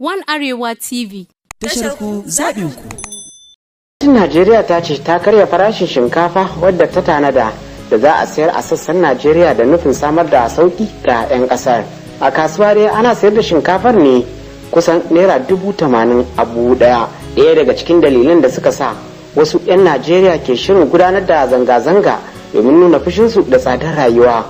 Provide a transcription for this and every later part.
One Arewa TV. Tashar Najeriya ta ce ta karya farashin shinkafa wadda ta tanada da za a sayar a sassan Najeriya da nufin samar da sauki ga 'yan kasar. A kasuwa dai ana sayar da shinkafar ne kusan naira dubu tamanin a buhu ɗaya. Ɗaya daga cikin dalilan da suka sa wasu 'yan Najeriya ke shirin gudanar da zanga-zanga domin nuna fushinsu da tsadar rayuwa.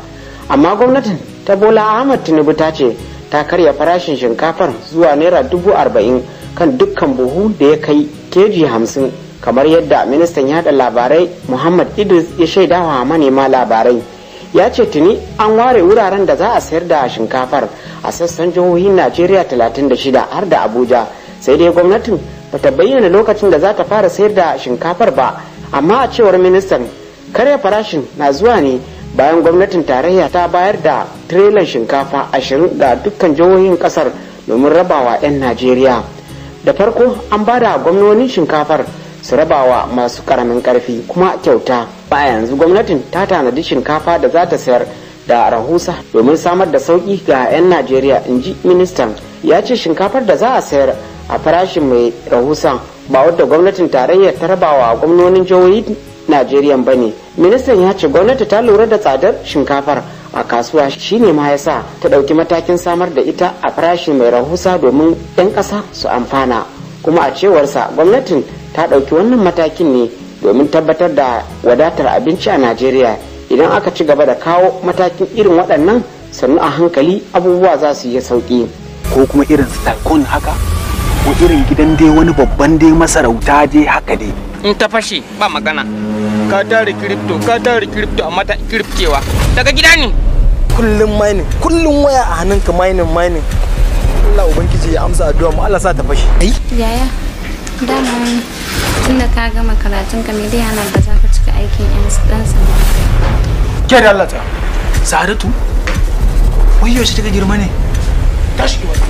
Amma gwamnatin ta Bola Ahmad Tinubu ta ce ta karya farashin shinkafar zuwa naira dubu arba'in kan dukkan buhu da ya kai keji hamsin kamar yadda ministan yada labarai muhammad idris ya shaidawa manema labarai ya ce tuni an ware wuraren da za a sayar da shinkafar a sassan jihohin najeriya 36 har da abuja sai dai gwamnatin ba ta bayyana lokacin da za ta fara sayar da shinkafar ba amma a cewar ministan karya farashin na zuwa ne bayan gwamnatin tarayya ta bayar da tirelan shinkafa ashirin ga dukkan jihohin kasar domin rabawa 'yan najeriya da farko an ba da gwamnonin shinkafar su rabawa masu karamin karfi kuma kyauta ba yanzu gwamnatin ta tanadi shinkafa da za ta sayar da rahusa domin samar da sauki ga 'yan najeriya in ji ministan ya ce shinkafar da za a sayar a farashin mai rahusa ba wadda gwamnatin tarayyar ta rabawa gwamnonin jihohin najeriya ba ne ministan ya ce gwamnati ta lura da tsadar shinkafar a kasuwa shine ma yasa ta ɗauki matakin samar da ita a farashi mai rahusa domin 'yan ƙasa su amfana kuma a cewarsa gwamnatin ta ɗauki wannan matakin ne domin tabbatar da wadatar abinci a najeriya idan aka ci gaba da kawo matakin irin waɗannan sannu a hankali abubuwa za su yi sauƙi ko kuma irin haka ko irin gidan dai wani babban dai masarauta dai haka dai in ta fashe ba magana ka tare kiripto ka tare kiripto amma ta kiriftewa daga gida ne kullum mining kullum waya a hannunka mining mining Allah ubangiji ya amsa addu'a mu Allah sa ta fashe ai yaya dama tunda ka gama karatun ka me dai yana ba za ka cika aikin yan dan sanda ke da Allah ta Sa'adatu wai yau shi ta girma ne tashi ki wata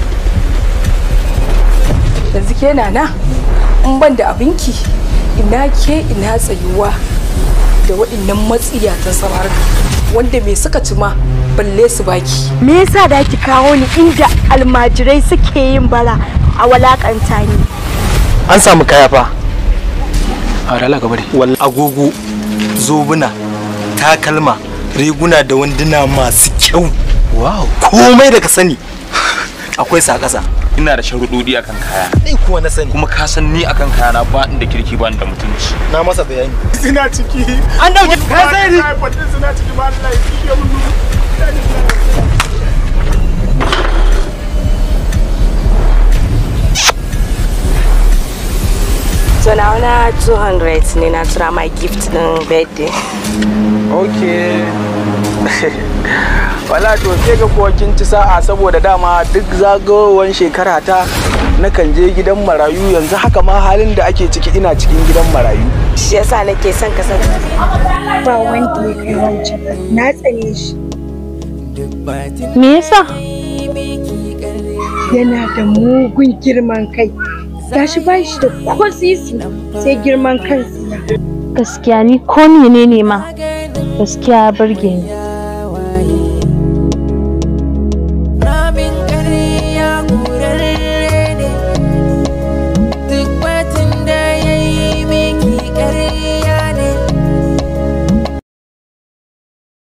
yanzu ke nana in ban da abinki ina ke ina tsayuwa da waɗannan matsiya ta samar wanda mai suka ci ma balle su baki me yasa da ki kawo ni inda almajirai suke yin bara a walakanta ni an samu kaya fa a rala gaba agogo zobuna takalma riguna da wanduna masu kyau wow komai da ka sani akwai sa ƙasa ina da sharuɗoɗi akan kaya ni kuwa na sani kuma ka san ni akan kaya na ba da kirki ba da mutunci na masa bayani suna ciki an dauke ka sai ni suna ciki ba Allah ya kike mun So now na 200 ne na tura my gift din birthday. Okay. wala to sai ga kuwa kin ci sa'a saboda dama duk zagawowar shekara ta kan je gidan marayu yanzu haka ma halin da ake ciki ina cikin gidan marayu shi yasa nake son ka san ba wanda ya kai wancan na tsane shi me yasa yana da mugun girman kai shi ba shi da ko sai girman kansa gaskiya ni ko menene ma gaskiya burge ni